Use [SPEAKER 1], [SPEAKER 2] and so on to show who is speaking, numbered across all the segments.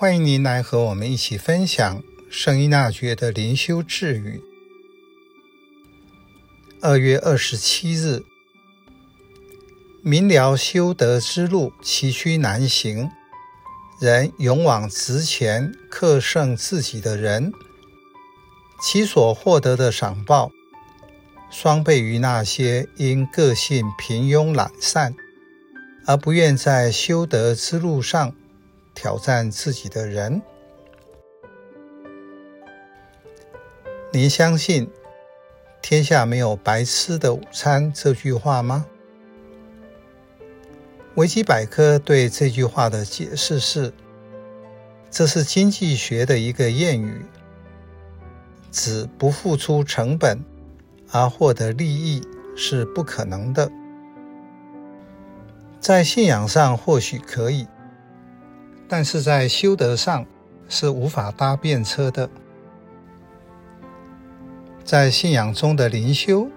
[SPEAKER 1] 歡迎您來和我們一起分享聖依納爵的靈修智語。二月二十七日，明了修德之路崎嶇難行，仍勇往直前克勝自己的人，其所獲得的賞報，雙倍於那些因個性平庸懶散，而不願在修德之路上。挑戰自己的人，您相信“天下沒有白吃的午餐”這句話嗎？維基百科對這句話的解釋是：這是經濟學的一個諺語，指不付出成本而獲得利益是不可能的。在信仰上，或許可以。但是在修德上是無法搭便車的。在信仰中的靈修，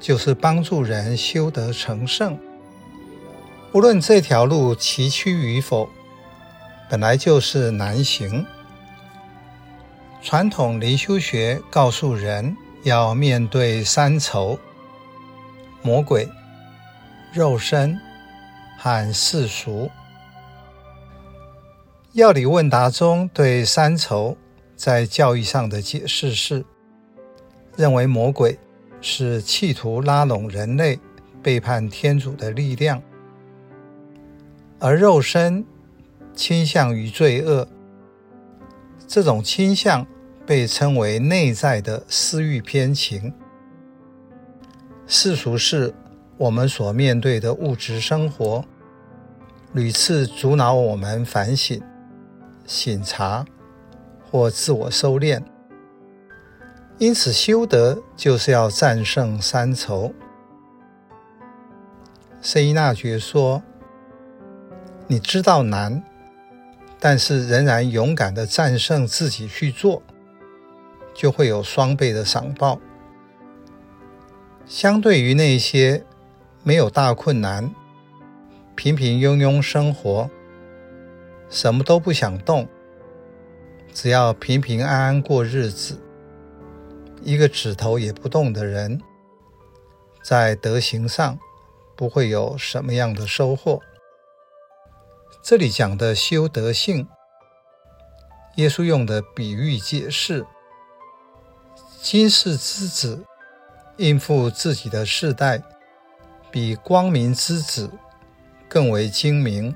[SPEAKER 1] 就是幫助人修德成聖。無論這條路崎嶇與否，本來就是難行。傳統靈修學告訴人要面對三仇：魔鬼、肉身和世俗。要理問答中對三仇在教育上的解釋是：認為魔鬼是企圖拉攏人類、背叛天主的力量，而肉身傾向於罪惡，這種傾向被稱為內在的私慾偏情。世俗是我們所面對的物質生活，屢次阻撓我們反省。省察或自我收斂，因此修德就是要戰勝三仇。聖依納爵說：“你知道難，但是仍然勇敢地戰勝自己去做，就會有雙倍的賞報。相對於那些沒有大困難、平平庸庸生活。”什麼都不想動，只要平平安安過日子，一個指頭也不動的人，在德行上不會有什麼樣的收穫。這裡講的修德行，耶穌用的比喻解釋：今世之子應付自己的世代，比光明之子更為精明。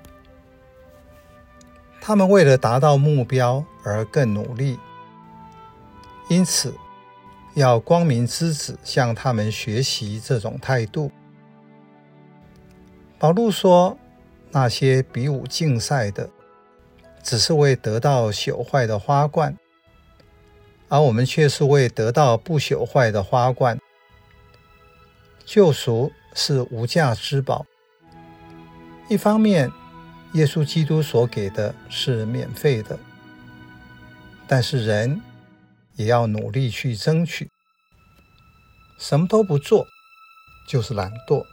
[SPEAKER 1] 他們為了達到目標而更努力，因此要光明之子向他們學習這種態度。保祿說：“那些比武競賽的，只是為得到朽壞的花冠；而我們卻是為得到不朽壞的花冠。救贖是無價之寶。一方面。”耶穌基督所給的是免費的，但是人也要努力去爭取。什麼都不做，就是懶惰。